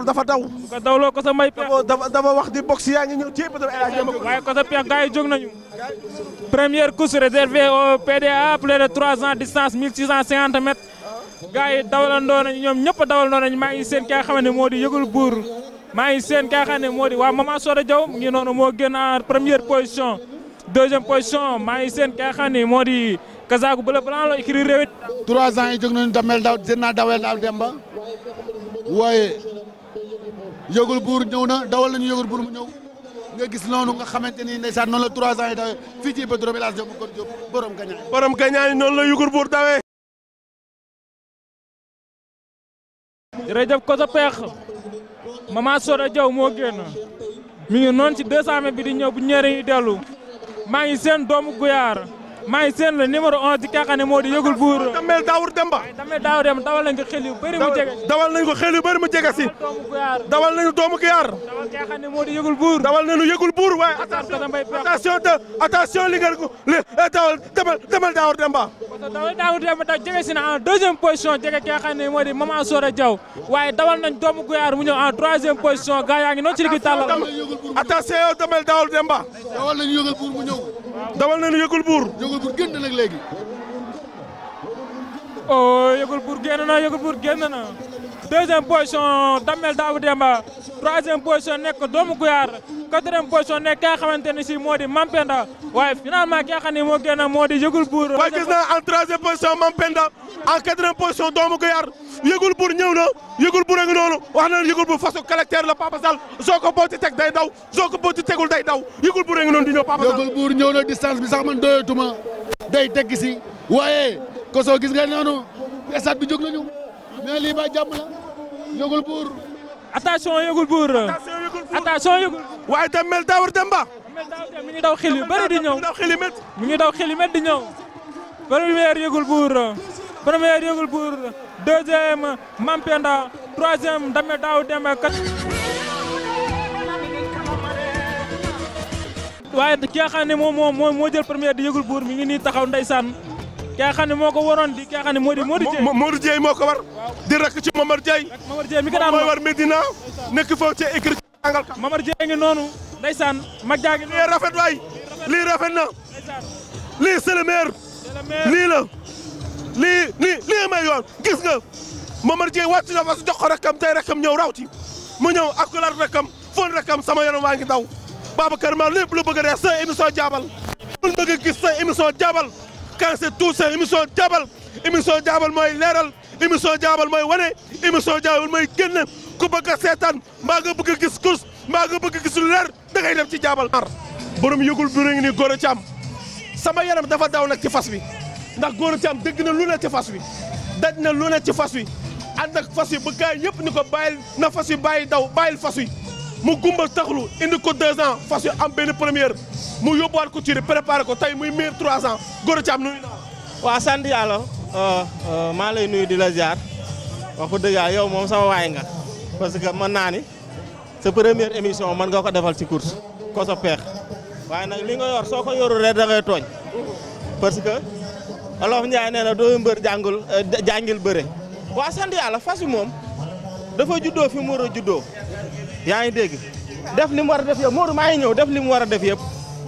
loolu dafa daw. bu ko ko sa may pex. dafa dafa wax di box yaa ngi ñëw ci yëpp dafa El Hadj Demba Kourou. waaye ko sa pex gars yi jóg nañu. première course réservée au PDA plus de 300 distance 1650 mètres. gars yi dawalandoo nañu ñoom ñëpp dawalandoo nañu maa ngi seen ki nga xam ne moo di yëgul buur. maa ngi seen ki nga xam ne moo di waa Maman Soda Diaw mu ngi noonu moo génn en première position. deuxième position maa ngi seen ki nga xam ne moo di Kazaagu Bleu Blanc la écrit réewit. 3 ans yi jóg nañu damel daw dinaa dawel daal Demba waaye. yëgul buur ñëw na dawal nañu yëgul buur mu ñëw nga gis noonu nga xamante ni ndeysaan noonu la trois ans yi dawee fii ci Iba Drobé El Hadj Diop kon Diop borom gañaay borom gañaay noonu la yëgul buur dawee jërëjëf ko sa peex Mama Soda Diaw moo génn mi ngi noonu ci 200 mètres bi di ñëw bu ñeere ñu dellu maa ngi seen doomu guyaar maa ngi seen la numéro 11 ci ki nga xam ne buur Damel Daawur Demba Damel Daawur Demba dawal nañ ko xel yu bëri mu jege dawal nañ ko xel yu bëri mu jege si dawal nañu doomu Kiyaar dawal ki nga xam ne moo di yëgul buur dawal nañu yëgul buur waaye attention attention li nga li eh, dawal Damel Damel Demba dawal Daawur Demba da jege si na en deuxième position jege ki nga xam ne moo di Maman Sora Diaw waaye dawal doomu Kiyaar mu ñëw en troisième position gaa yaa ngi noonu ci ligi tàllal attention yow Damel Daawur Demba dawal nañu yëgul buur yëgul buur génn nag léegi. oh yëgul buur génn na yëgul buur génn na. deuxième position Damel Daoud Demba troisième position nekk doomu Guyaar quatrième position nekk ki nga xamante ne si moo di Mampenda waaye finalement ki nga xam ne moo génn moo di Yëgul Buur. waaye gis naa en troisième position Mampenda en quatrième position doomu Guyaar Yëgul Buur ñëw na Yëgul Buur a ngi noonu wax na Yëgul Buur façon caractère la Papa Sall soo ko boo ci teg day daw soo ko boo ci tegul day daw Yëgul Buur a ngi noonu di ñëw Papa Sall. Yëgul Buur ñëw na distance bi sax man doyatuma mais lii ba jàmm la yëgul buur. attention yëgul buur. attention yëgul waaye itam mel daawar dem mi ngi daw xil yu bëri di ñëw mi ngi daw xil yu di ñëw. première yëgul buur première yëgul buur deuxième Mampenda troisième Dame waaye ki nga xam ne moom moo moo jël première di yëgul buur mi ngi nii taxaw ndeysaan nga xam ne moo ko waroon di nga xam moo di Modou Dieye Modou moo ko war di rakk ci Mamar Dieye Mamar Dieye mi ko daan mooy war Medina nekk foofu ci écrit angal ka Mamar Dieye ngi noonu ndeysaan mag jaa ngi lii rafet waay lii rafet na lii c'est le maire lii la lii lii lii may yoon gis nga Mamar Dieye ci na fas jox ko rakkam tey rakkam ñëw rawti mu ñëw akulaat rakkam foon rakkam sama yaram waa ngi daw Babacar Mar lépp lu bëgg a dee sa émission jaabal lu bëgg gis sa émission jaabal quand c'est tout émission jaabal émission jaabal mooy leeral émission jaabal mooy wane émission jaabal mooy génn ku bëgg seetaan mbaa nga bëgg gis course mbaa nga bëgg gis leer da dem ci jaabal ar borom yëgul bi ngi ni góor a caam sama yaram dafa daw nag ci fas wi ndax góor a caam dégg na lu ne ci fas wi daj na lu ne ci fas wi ànd ak fas wi ba gaay yëpp ni ko bàyyil na fas wi bàyyi daw bàyyil fas wi mu gumbal taxlu indi ko 2 ans fas yu am ben premier mu yobbal ko ci préparer ko tay muy miir 3 ans goro ci am nuy naa wa sant yalla euh euh ma lay nuy di la ziar wax dëgg yàlla yow mom sama way nga parce que man nani ni sa première émission man nga ko defal ci course ko so pex way nak li nga yor soko yoru re da ngay togn parce que olof Ndiaye neena do doo jangul euh, jangil beure wa sant yalla fas mom moom dafa juddoo fi mo ro a yaa ngi dégg def li mu war a def yëpp Modou maa ngi ñëw def li mu war a def yëpp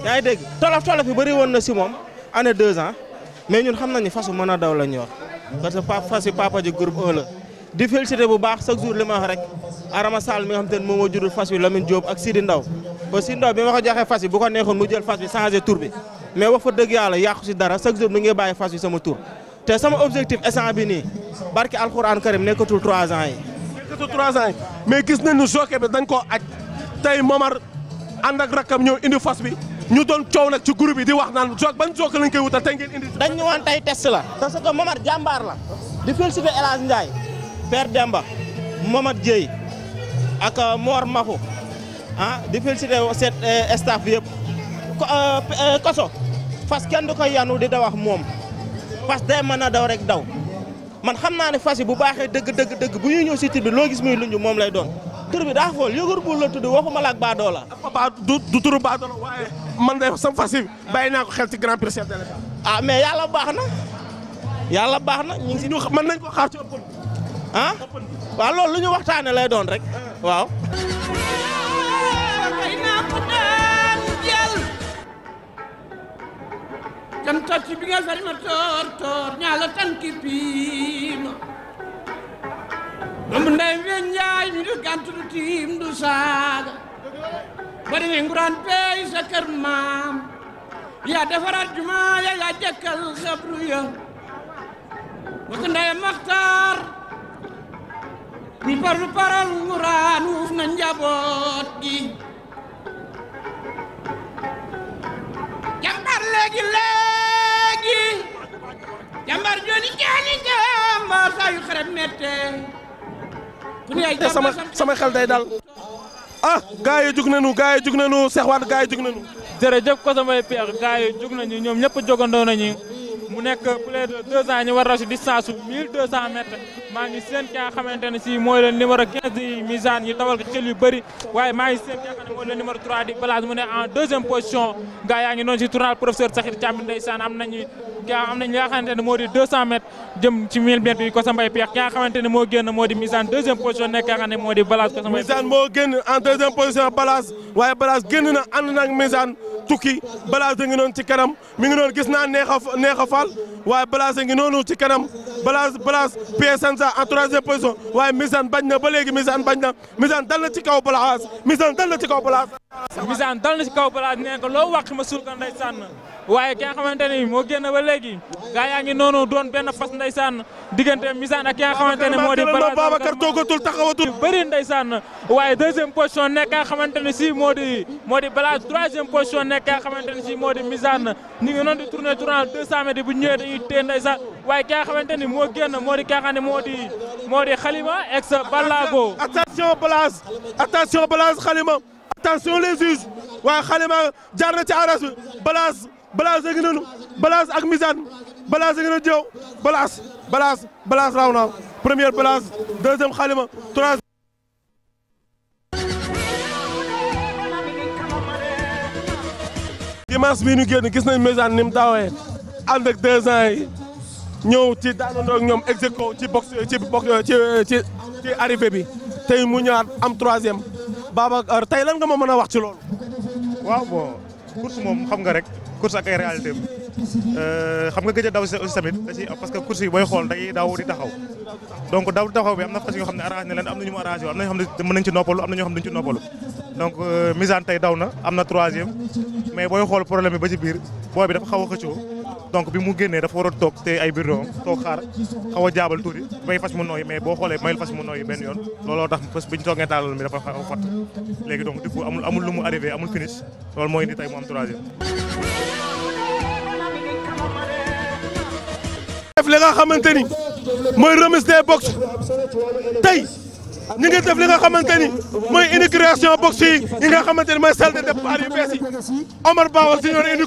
yaa ngi dégg tolof tolof yi bëri woon na si moom année deux mais ñun xam nañu fasu mën a daw la ñor parce que papa fasu papa ji groupe 1 la di baax chaque jour li ma rek Arama Sall mi nga xam te ne moo jurul fas wi Lamine Diop ak Sidi Ndaw ba Sidi Ndaw bi ma ko joxee fas wi bu ko neexoon mu jël fas wi changé tur bi mais wax fa dëgg yàlla si dara chaque jour mi ngi bàyyi fas wi sama tur te sama objectif instant bi nii barki alxuraan karim nekkatul 3 ans yi presque mais gis nañu jockey bi dañ koo aj tey Momar ak rakkam ñëw indi fas bi ñu doon coow nag ci groupe yi di wax naan joc ban joc lañ koy wutal tey indi. dañ ñu woon tey test la. parce que Momar jàmbaar di félicité El Hadj Ndiaye. Père Demba Momar Dieye ak euh, Mor Mafo ah di félicité seen euh, staff euh, koso fas kenn du ko yanu di daw moom fas day mën a daw rek daw. man xam naa ne fas bu baaxee dëgg dëgg dëgg bu ñuy ñëw si tur bi loo gis muy lunj moom lay doon tur bi daa xool bu la tudd waxuma la ak baadoola du du turu waaye man de sam fas yi bàyyi naa xel ci grand prix chef de l'état ah baax na yàlla baax na ñu ngi si nañ ko xaar ci open ah waaw lool lu ñu waxtaane lay doon rek eh. waaw canta ci bi nga sarima toor toor ñaala tanki piima doomu ndey weñ njaay ñu du gànt du tiim du saaga bari ne nguraan peey sa kër maam yaa defaraat jumaa yaa jëkkal xabru ya bokk ndey maxtaar ñu paru paral nguraan wuuf na njaboot gi jàmbaar joni keeni jàmbaar saa yu xarab mette ku sama xel day dal ah gars yi jug nañu gars yi jug nañu Cheikh Wade gars yi jug nañu jërëjëf ko samay peex gars yi jug nañu ñoom ñëpp jogandoo nañu mu nekk plus de ans ñu war a si distance su 1200 maa ngi seen ki nga xamante ne si mooy leen numéro 15 di misaan ñu tawal ko xel yu bëri waaye maa ngi seen ki nga xam ne mooy leen numéro 3 di balage mu ne en deuxième position gars yaa ngi noonu si tournal professeur Sakhir Thiam ndeysaan am nañu ki nga xam ne nga xamante ne moo di 200 mètres jëm ci 1000 mètres bi Kosa Mbaye Peex ki nga moo génn moo di Misaan deuxième position nekk nga ne moo di Balaas Kosa Misaan moo génn en deuxième position Balaas waaye Balaas génn na ànd na Misaan tukki Balaas da noonu ci kanam mi ngi noonu gis naa neex a neex a faal waaye Balaas ci kanam Balaas Balaas Pierre Sansa en troisième position waaye Misaan bañ na ba léegi Misaan bañ na Misaan dal na ci kaw Balaas Misaan dal na ci kaw Balaas. Misaan dal na ci kaw waaye ki nga xamante ni moo génn ba léegi gaa yaa ngi noonu doon benn fas ndeysaan diggante Misaan ak ki nga xamante ne moo di Babacar toogatul taxawatul bëri ndeysaan waaye deuxième position nekk nga xamante ne si moo di moo di Balage troisième position nekk nga xamante ne si moo di Misaan ñu ngi noonu di tourner tournant 200 mètres bu ñëwee dañuy téye ndeysaan waaye ki nga xamante ni moo génn moo di ki nga xam ne moo di moo di Xalima ex Balago attention Balage attention Balage Xalima les juges waaye Xalima jaar na ci aras bi balaas a ngi ak misaan balaas a ngi noonu balaas balaas balaas raw na première balaas deuxième xalima troisième dimanche bii ñu génn gis nañ misaan ni mu daawee ànd ak ans yi ñëw ci daanandoo ñoom execo ci box ci ci ci ci arrivé bi tey mu ñaar am troisième Babacar tey lan nga ma mën a wax ci loolu waaw bon course moom xam nga rek course ak ay réalité euh, xam nga gëj a si aussi parce que course yi booy xool day daw di taxaw donc daw di taxaw bi am na fas xam ne arrangé na am na ñu mu arrangé am na ñoo ci noppalu donc euh, misaan tey daw na am na troisième mais booy xool problème ba ci biir booy a xëccoo donc bi mu génnee dafa war a toog te ay biir doom toog xaar xaw a jaabal tuuti bay fas mu nooyi mais boo xoolee mayul fas mu nooyi benn yoon looloo tax fas bi ñu toogee taalal mi dafa mu arrivé loolu moo indi tey mu def li nga xamante ni mooy remise des box tey ñu ngi def li nga xamante ni mooy inauguration box yi yi nga xamante ni mooy salle Omar Ba Senior indi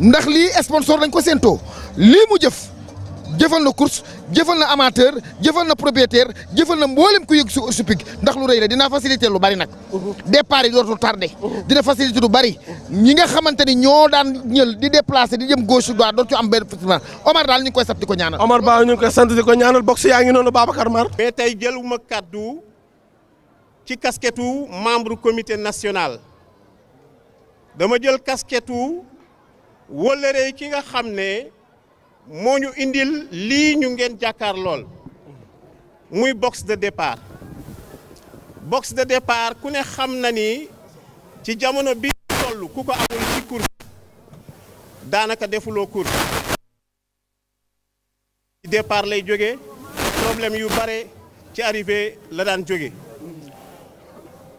ndax lii sponsor dañ ko séentoo lii mu jëf jëfal na course jëfal na amateur jëfal na propriétaire jëfal na mboolem ku yëg su suppique ndax lu rëy la dinaa facilité lu bari nag. départ yi dootul tardé. dina facilité lu bari. ñi nga xamante ni ñoo daan ñël di déplacé di jëm gauche droite dootu am benn fitna Omar daal ñu ngi koy sant ko ñaanal. Omar Ba ñu ngi koy sant di ko ñaanal box yaa ngi noonu Babacar Mar. mais tey jëluma kaddu ci casquette membre comité national dama jël casquette wëllëree ki nga xam ne moo ñu indil lii ñu ngeen jàkkaar lool muy box de départ box de départ ku ne xam na ni ci jamono bi toll ku ko amul ci course daanaka defuloo course ci lay jóge problème yu bare ci arrivé la daan jóge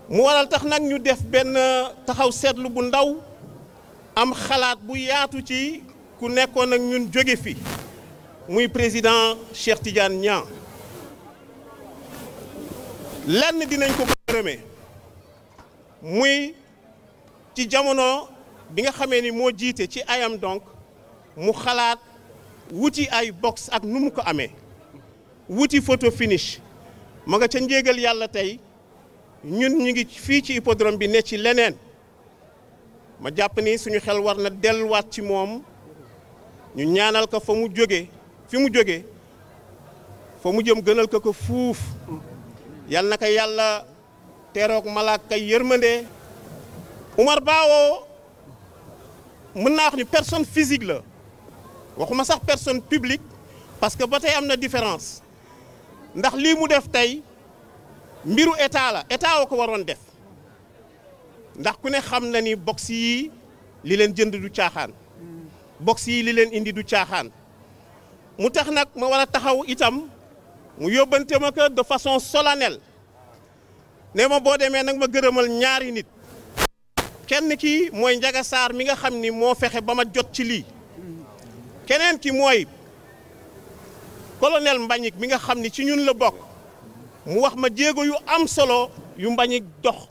mu waral tax nag ñu def benn taxaw seetlu bu ndaw am xalaat bu yaatu ci ku nekkoon ak président Cheikh Tidiane Niang lenn dinañ ko muy ci jamono ni ci ayam donc wuti ay box ak wuti photo finish ma nga ca njéegal yàlla tey ñun ma jàpp ni suñu xel war na wat ci mom ñu ñaanal ko fa mu joggé fi mu joggé fa mu jëm gënal Umar personne physique la waxuma sax personne publique parce que batay amna différence ndax li mu def ndax ku ne xam na ni box yi li leen jënd du caaxaan box yi li leen indi du caaxaan mu tax nag ma war a taxaw itam mu yóbbante ma ko de façon solennelle ne ma boo demee nag ma gërëmal ñaari nit kenn ki mooy njaga saar mi nga xam ni moo fexe ba ma jot ci lii keneen ki mooy colonel mbañik mi nga xam ni ci ñun la bokk mu wax ma jéego yu am solo yu mbañik dox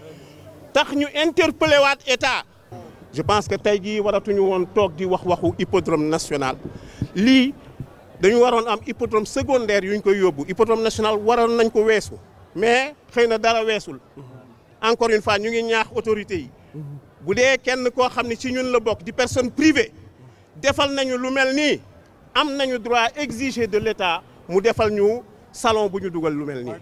tax ñu interpellé waat état je pense que tey jii waratuñu woon toog di wax waxu hippodrome national lii dañu waroon am hippodrome secondaire yuñ koy yóbbu hippodrome national waroon nañ ko weesu mais xëy na dara weesul encore une fois ñu ngi ñaax autorités yi bu dee kenn koo xam ne ci ñun la bokk di personne privée defal nañu lu mel nii am nañu droit exiger de l'État mu defal ñu salon bu ñu dugal lu mel nii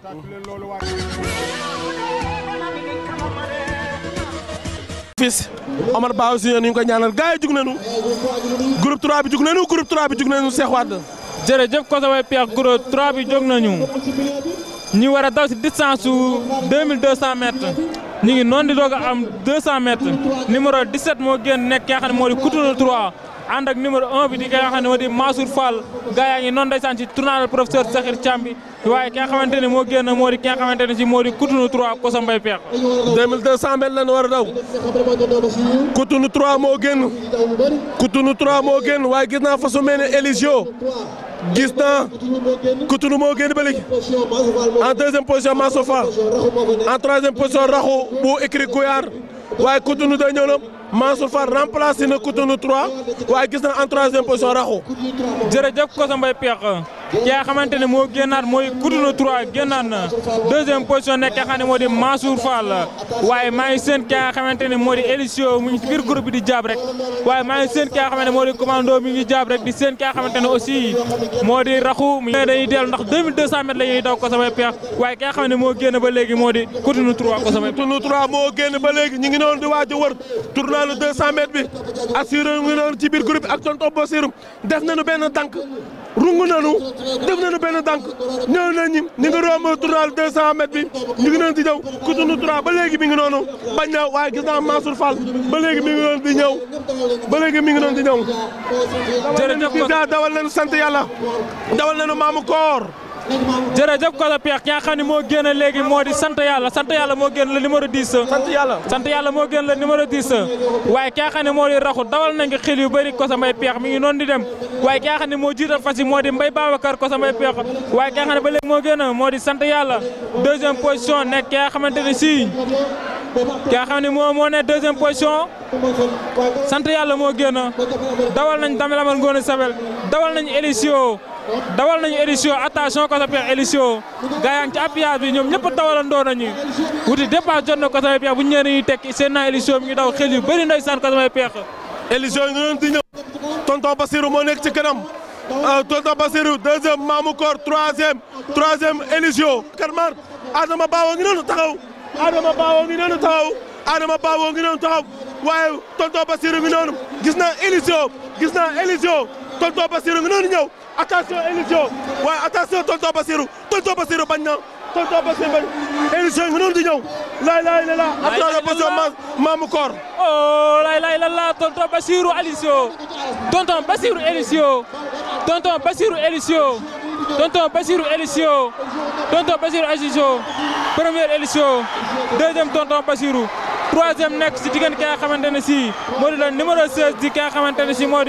fils Omar Ba aussi ñu ngi koy ñaanal gars yi jug nañu groupe 3 bi jug nañu groupe 3 bi jug nañu Cheikh Wade. jërëjëf Kosovoy war a daw si distance su 2200 mètres ñu ngi noonu di doog a am 200 mètres numéro 17 moo génn nekk ki nga xam ne moo di Couturier 3. ànd ak numéro 1 bi di ki nga xam di Mansour Fall gaa yaa ngi noonu ndeysaan ci tournal professeur Sakhir Thiam waaye ki nga xamante moo génn moo di ki nga xamante ne si moo di Cotonou 3 Kosa Mbaye Peex 2200 mètres lañ war a daw Cotonou 3 moo génn Cotonou 3 moo génn waaye gis naa fa su mel ne Elisio gis naa Cotonou moo génn ba léegi en position Mansour Fall en position Raxu bu écrit Gouyaar waaye Cotonou day Mansour Fall remplacé na Cotonou 3 waaye gis na en troisième position raxu jërëjëf Koso Mbaye Pekh ki nga xamante ne moo génnaat mooy Koutouna 3 génnaat na deuxième position nekk nga xam ne moo di Mansour Fall waaye maa ngi seen ki nga xamante ne moo di Elisio mu ngi ci biir bi di jaab rek waaye maa ngi seen ki nga xamante ne moo di commando mi ngi jaab rek di seen ki nga xamante ne aussi moo di raxu mu dañuy dellu ndax 2200 mètres la ñuy daw ko samay peex waaye ki nga xam ne moo génn ba léegi moo di Koutouna 3 moo génn ba léegi ñu ngi noonu a wër tournoi le 200 mètres bi assuré mu ngi noonu ci biir groupe bi benn tànk rungu não def nañu benn tànk ñëw nañ ñi ñu ngi romb tural 200 mètres bi ñu ngi doon di ñëw Coutounou 3 ba léegi mi ngi noonu bañ na waaye gis naa Mansour Fall ba léegi mi ngi não di ñëw ba léegi mi ngi não di ñëw. jërëjëf dawal dawal nañu sant yàlla dawal nañu maamu koor. jërëjëf Kosa Peex ki nga xam ne moo génn léegi moo di sant yàlla sant yàlla moo génn la numéro 10. sant yàlla sant yàlla moo génn la numéro 10. waaye ki nga xam ne moo di raxu dawal nañ ko xil yu bëri Kosa Mbay Peex mi ngi noonu di dem waaye ki nga xam ne moo jiital fas yi moo di Mbay Babacar Kosa Mbay Peex waaye ki nga xam ne ba léegi moo génn moo di sant yàlla deuxième position nekk ki nga xamante ne sii ki nga xam ne moo moo ne deuxième position sant yàlla moo génn dawal nañ Dame Lamar Ngoone Sabel dawal nañ Elisio dawal nañu Elicio attention Cotopex Elicio gaa yaa bi ñoom ñëpp a dawalandoo nañu wuti dépasse jot na Cotopex bu ñu ñëwee dañuy tekki seen naa Elicio mi ngi daw xel yu bëri ndeysaan Cotopex. ñu doon di ñëw tonton moo nekk ci kanam euh, tonton Basirou deuxième Mamou Kor troisième troisième Elicio. Karmar Adama Bawo ngi noonu taxaw Adama Bawo ngi noonu taxaw Adama Bawo ngi noonu taxaw waaye tonton Basirou noonu gis naa Elicio gis naa Elicio tonton Basirou ngi noonu attention élision waaye attention tonton Basirou tonton Basirou bañ na tonton Basirou bañ élision yi nga noonu di ñëw. laay laay la la attention Basirou maamu koor. oh laay laay la la tonton Basirou élision tonton Basirou élision tonton tonton Basirou élision tonton Basirou élision première tonton Basirou. troisième nekk si diggante ki nga xamante ne si moo la numéro 16 di ki nga xamante ne si moo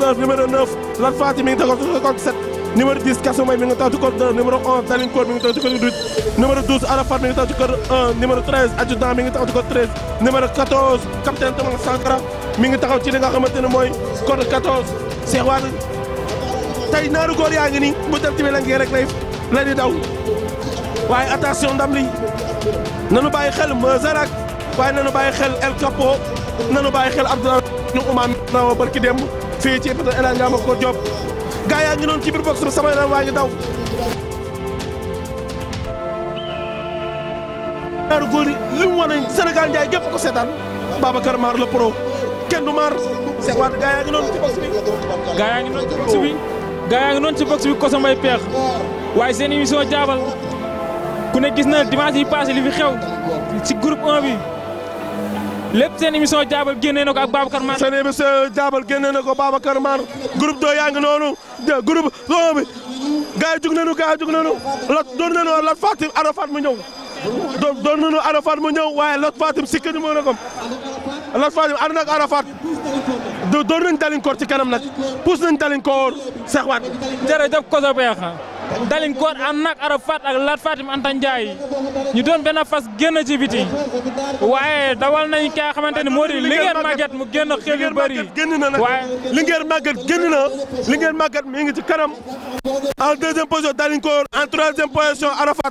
9 numéro 9 Lat Fati mi ngi taxaw ci code 7 numéro 10 Kasu ngi taxaw ci code 2 numéro 11 Daline ngi taxaw ci code 8 numéro Arafat mi ngi taxaw ci code 1 numéro 13 adjudant mi ngi ngi taxaw ci li xamante ne mooy code 14 Cheikh Wade tey naaru góor yaa ngi ni bu dem tamit la ngeen rek lay lay di daw waaye attention ndam li nanu bàyyi xel Zarak waaye nanu bàyyi xel El Capo nanu bàyyi xel Abdoulaye ñu umaan fii ci hôpital El Hadj Amakor Diop gaa ngi noonu ci biir box bi sama yaram waa ngi daw. ñaari góor yi li mu wane Sénégal Ndiaye gépp ko seetaan Babacar Mar le pro kenn du Mar seewaat gaa yaa ngi noonu ci box bi. gaa ngi noonu ci box bi gaa yaa ngi noonu peex waaye seen émission jaabal ku ne gis naa dimanche yi passé li fi xew ci groupe 1 bi. lépp seen émission jaabal génnee na ko ak Babacar Mar. seen émission jaabal génnee na ko Babacar Mar groupe doo yaa ngi noonu groupe doo bi gars yi jug nañu gars yi jug nañu lot doon mu ñëw. doon doon nañu Arafat mu ñëw waaye lot Fatim sikki ñu mën a gom lot Fatim ànd nag Arafat doon nañu dalin koor ci kanam nag pousse nañu dalin koor sax waat. jërëjëf Koso Bexa. dalin koor ànd ak Arafat ak Lat Fatim Anta Ndiaye ñu doon benn fas génn ci biti waaye dawal nañ ki nga xamante ni moo di Linguère Maguette mu génn xel yu na waaye Linguère Maguette génn na Linguère Maguette mi ngi ci kanam en deuxième position dalin koor en troisième position Arafat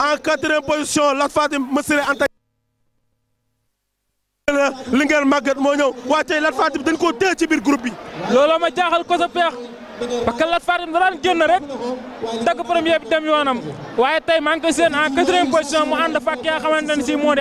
en quatrième position Lat Fatim Massiré Anta Linguère Maguette moo ñëw waa tey Lat Fatim dañ koo téye ci biir groupe bi looloo ma jaaxal ko sa peex parce que Lat Fatim da daan génn rek dagg premier bi dem yoonam waaye tey maa ngi koy seen en quatrième position mu ànd fàkk yaa xamante ne si moo di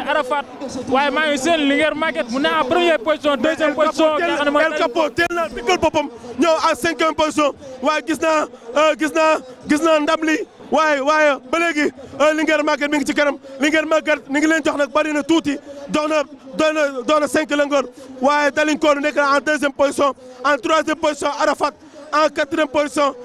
waaye maa ngi seen Linguère Maguette mu ne en première position deuxième position. El Capo teel na tëggal boppam ñëw à cinquième position waaye gis naa euh, gis naa gis li waaye waaye ba léegi euh, Linguère Maguette mi ngi ci kanam Linguère Maguette ni ngi leen jox na bari na tuuti dox na dox na dox na cinq lëngoor waaye Dalinkoor nekk na en deuxième position en troisième en 80 pour cent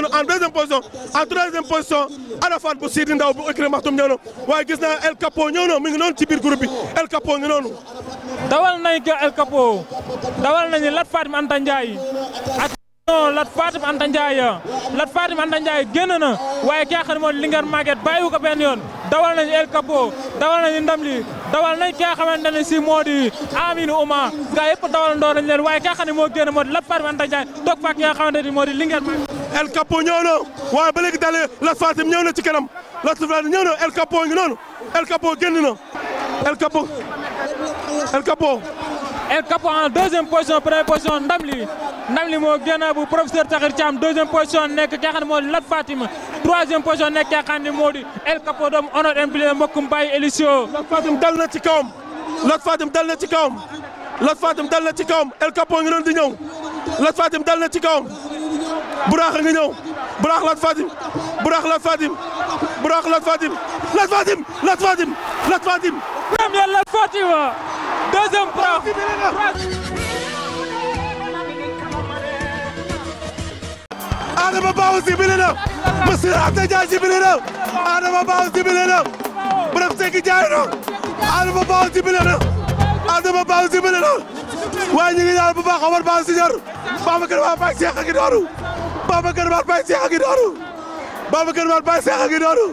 ñëw en deuxième position en troisième position Arafat bu Sidi Ndaw bu écrit Maxtum na waaye gis naa El Capo ñëw mu ngi noonu ci biir groupe El Capo ngi noonu. dawal nañ ko El Capo dawal nañu Lat Fatim Anta Ndiaye non Lat Fatim Anta Ndiaye Lat Fatim Anta Ndiaye génn na waaye ki nga xam ne mooy Linguère Maguette bàyyiwu ko benn yoon dawal nañu El Capo dawal nañu ndam li dawal nañ ki nga xamante ne si moo di Amine Ouma gaa yëpp dawal ndoo nañ leen waaye ki nga xam moo génn moo di Lat Fatim Anta Ndiaye toog fa ki nga xamante ne moo di Linguère Maguette El Capo ñëw na waaye ba léegi daal Lat Fatim ñëw ci kanam Lat Fatim ñëw na El Capo ngi noonu El Capo génn na El Capo en deuxième position première position Namli, Namli ndam li professeur Tahir Thiam deuxième position nek ki nga Lat Fatima troisième position nek ki nga El Capo doomu honor impliqué mbokkum Baye Elisio. Lat Fatima dal na ci kawam Lat Fatima dal le ci Lat Fatima ci El Capo ngi doon di ñëw Lat Fatima dal na ci kawam Buraax nga ñëw Fatim, Lat Fatima Buraax Lat Fatima Buraax Lat Fatima Lat Fatima Lat Fatima Lat Fatima. premier Lat Fatima. deuxième preuve. Adama Baaw sibile na. Monsieur Anta Dia sibile na. Adama Baaw sibile na. Bref Seck jaay na. Adama Baaw sibile na. Adama Baaw sibile na. waaye ñu ngi ñaan bu baax Omar Ba Siñor. Babacar Ba Baye Cheikh a ngi noonu. Babacar Ba Baye Cheikh a ngi noonu. Babacar Ba Baye Cheikh a ngi noonu.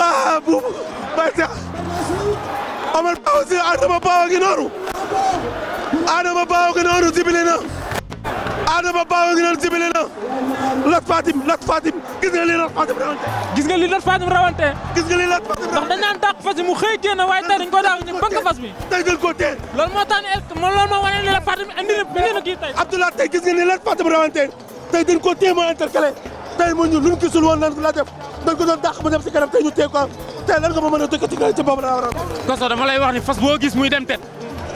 ah buubu Baye Cheikh. Amar Pauzi Adama Bawa ngi noonu Adama Bawa ngi noonu sibile na Adama Bawa ngi noonu sibile na Lat Fatim Lat Fatim gis nga li Lat Fatim rawante gis nga li Lat Fatim rawante gis nga li Lat Fatim ndax dañ naan dàq fas bi mu xëy génn waaye tey dañ ko daaw ñu bëgg fas bi tey dañ ko tee loolu moo tax ne moom loolu moo wane li Lat Fatim indi na bi leen kii tey Abdoulaye tey gis nga li Lat Fatim rawante tey dañ ko téema intercalé tey mu ñu lu mu gisul woon lan la def dañ ko doon dàq mu dem si kanam tey ñu téye ko tey lan nga ma mën a dëkk ci boobu laa waroon. koso dama wax ni fas boo gis muy dem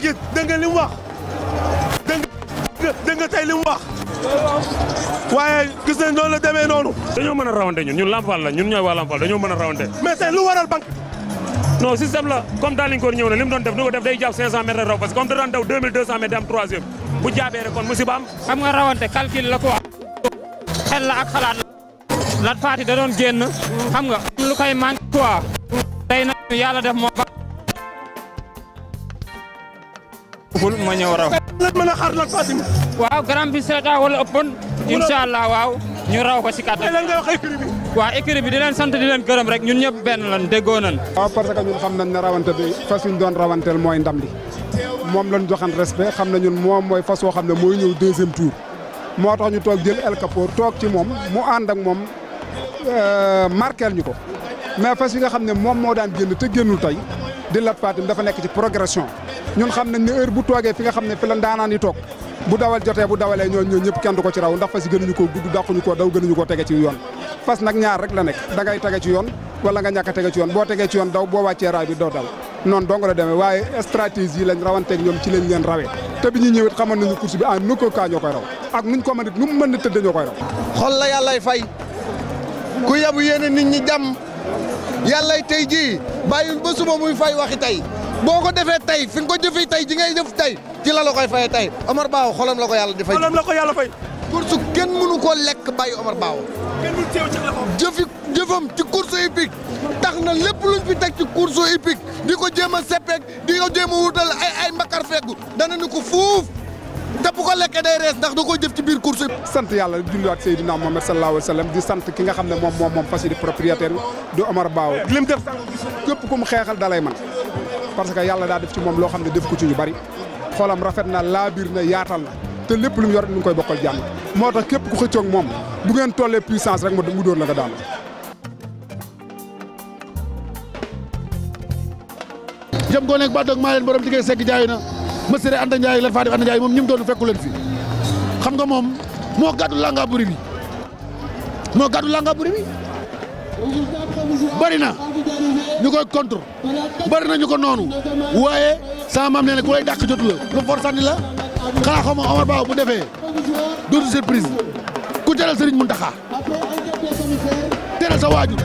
dëgg dëgg li wax dëgg nga tey wax waaye gis nañ la demee noonu dañoo mën a rawante ñun ñun Lamp la ñun ñooy waa Lamp dañoo mën a rawante mais tey lu waral banque non système la comme Dalinkoor ñëw na li doon def nu ko def day jàpp 500 mètres raw parce que comme da doon daw 2200 mètres am troisième bu jaabee kon musiba am nga rawante calcul la ko xel la ak xalaat la Lat Faty da doon génn xam nga lu koy manque quoi tey nag yàlla def moo ëppul ma ñëw raw. lan mën a xaar nag Fatima. waaw grand bi seetaan wala ëppoon. incha allah waaw ñu raw ko si kàttan. lan nga wax écurie bi. waaw écurie di leen sant di leen gërëm rek ñun ñëpp benn lan déggoo nan. waaw parce que ñun xam nañ ne rawante bi fas yu ñu doon rawanteel mooy ndam li moom lañ joxan respect xam na ñun moom mooy fas woo xam ne mooy ñëw deuxième tour. moo tax ñu toog jël El Capour toog ci moom mu ànd ak moom euh, marqueel ñu ko mais fas yi nga xam ne moom moo daan génn te génnul tey di Lat Fatim dafa nekk ci progression ñun xam nañ ne heure bu toogee fi nga xam ne fi ndaanaan yi toog bu dawal jotee bu dawalee ñoo ñoo ñëpp kenn ko ci raw ndax fas gënuñu koo gudd dàquñu koo daw gënuñu koo tege ci yoon fas nag ñaar rek la nekk da tege ci yoon wala nga ñàkk a tege ci yoon boo tegee ci yoon daw boo wàccee raay bi doo daw noonu dong la demee waaye stratégie lañ rawanteeg a tëdd ñoo koy raw xol la yàllay fay ku yabu yéene nit yàlla tey jii bàyyil ba suba muy fay waxi tey boo ko defee tey fi nga ko jëfee tey ji ngay jëf tey ci la la koy fayee tey Omar Baaw xolam la ko yàlla di fay. xolam ko yàlla fay. course kenn mënu koo lekk bàyyi Omar Baaw. kenn mënu teew ci jëfi jëfam ci course hippique tax na lépp luñ fi teg ci course hippique di ko jéem a seppeek di ko jéem a wutal ay ay mbakar feggu dana ni ko fuuf. te ko lekkee day rees ndax da koy jëf ci biir course sant yàlla di julliwaat Seydina Mohamed sallallahu alayhi wa sallam di sant ki nga xam ne moom moom moom fas yi di propriétaire du Omar Baaw li def képp ku mu xeexal dalay man parce que yàlla daa def ci moom loo xam ne def ko ci ñu bari xoolam rafet na laa biir na yaatal na te lépp lu mu yor ñu koy bokkal jàmm moo tax képp ku xëccoog moom bu ngeen tollee puissance rek mu dóor la nga daal. jëm goo nekk ba doog maa leen borom diggee segg jaayu na. Massiré Anta Ndiaye Lat fadi Anta Ndiaye mom ñim doon fekkulen fi xam nga mom mo gadu langa buri bi mo gadu langa buri bi bari na ñu koy contre bari na ñu nonu, noonu waaye sama maam nee na lay la lu forsani la xanaa xama Omar baw bu defee dootu surprise ku jaral Serigne muntaha teral sa waju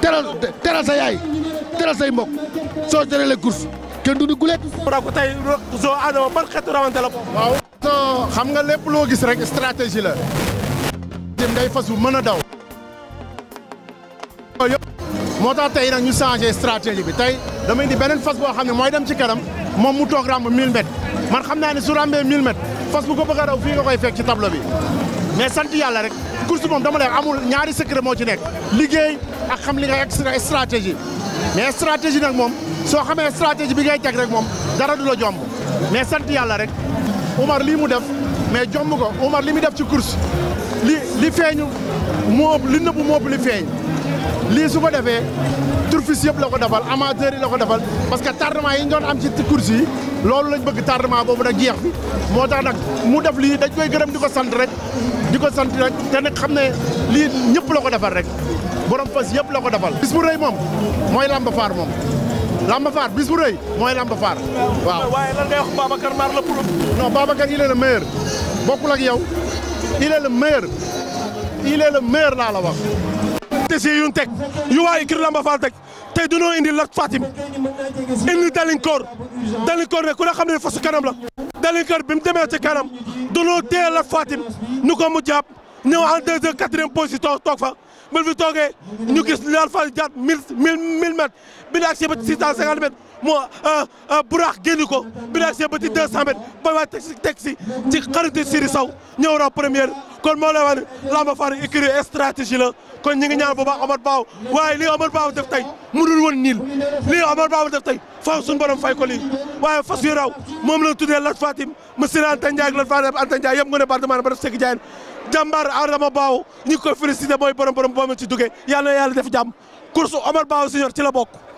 teral teral sa yaay teral say mbokk soo teralee course kenn du di guleet. ko tey zoo Adama ban xeetu rawante la ko. waaw non xam nga lépp loo gis rek stratégie la. jëm day fas mën a daw. moo tax tey nag ñu changé stratégie bi tey damay indi beneen fas boo xam ne mooy dem ci kanam moom mu toog ràmb 1000 mètres man xam naa ne su ràmbee 1000 mètres fas bu ko bëgg a daw fii nga koy fekk ci tableau bi mais sant yàlla rek course moom dama lay amul ñaari secret moo ci nekk liggéey ak xam li nga extra mais stratégie nag moom soo xamee stratégie bi ngay teg rek moom dara du la jomb mais sant yàlla rek Umar lii mu def mais jomb ko Umar li mu def ci course li li feeñu moo li nëbbu moo li feeñ lii su ko defee turfis yëpp la ko defal amateurs yi la ko defal parce que tardement yi ñu doon am ci course yi loolu lañ bëgg tardement boobu nag jeex bi moo tax nag mu def lii dañ koy gërëm di ko sant rek di ko sant rek te nag xam ne lii ñëpp la ko defal rek borom fas yëpp la ko defal. bis bu rëy moom mooy Lamba Faar moom Lamba Faar bis mooy Lamba Faar waaw. waaye lan ngay wax Babacar Mar la pour. non Babacar il est le meilleur bokkul ak yow il est le meilleur il est le meilleur laa wax. tese yu ñu teg yu waa kër Lamba Faar teg tey dunoo indi Lat Fatim indi Dalinkoor Dalinkoor ne ku ne ne fasu kanam la. Dalinkoor bi mu demee ci kanam dunoo téye Lat Fatim ñu ko mu jàpp ñëw en deuxième quatrième position toog fa. buñ fi tooge ñu gis li daal fal jaat mille mille mille mètres bi daag see ba ci six moo euh, euh, buraax génn ko bi daag see ba ci deux cent mètres ba waa teg si teg si ci ñëw raw premier kon moo lay wax ne lamba far écrit stratégie la kon ñi ngi ñaan bu baax Omar Baaw waaye lii Omar Baaw def tey mënul woon niil lii Omar Baaw def tey faaw suñu borom fay ko waaye fas yu raw moom la tuddee Lat Fatim mu siri Anta Ndiaye ak Lat Fatim Anta Ndiaye yëpp nga ne bardemaana ba def Seck Ndiaye jàmbaar Adama Baaw ñi ngi koy félicité mooy borom borom boo ma ci duggee yàlla na yàlla def jàmm course Omar Baaw senior ci la bokk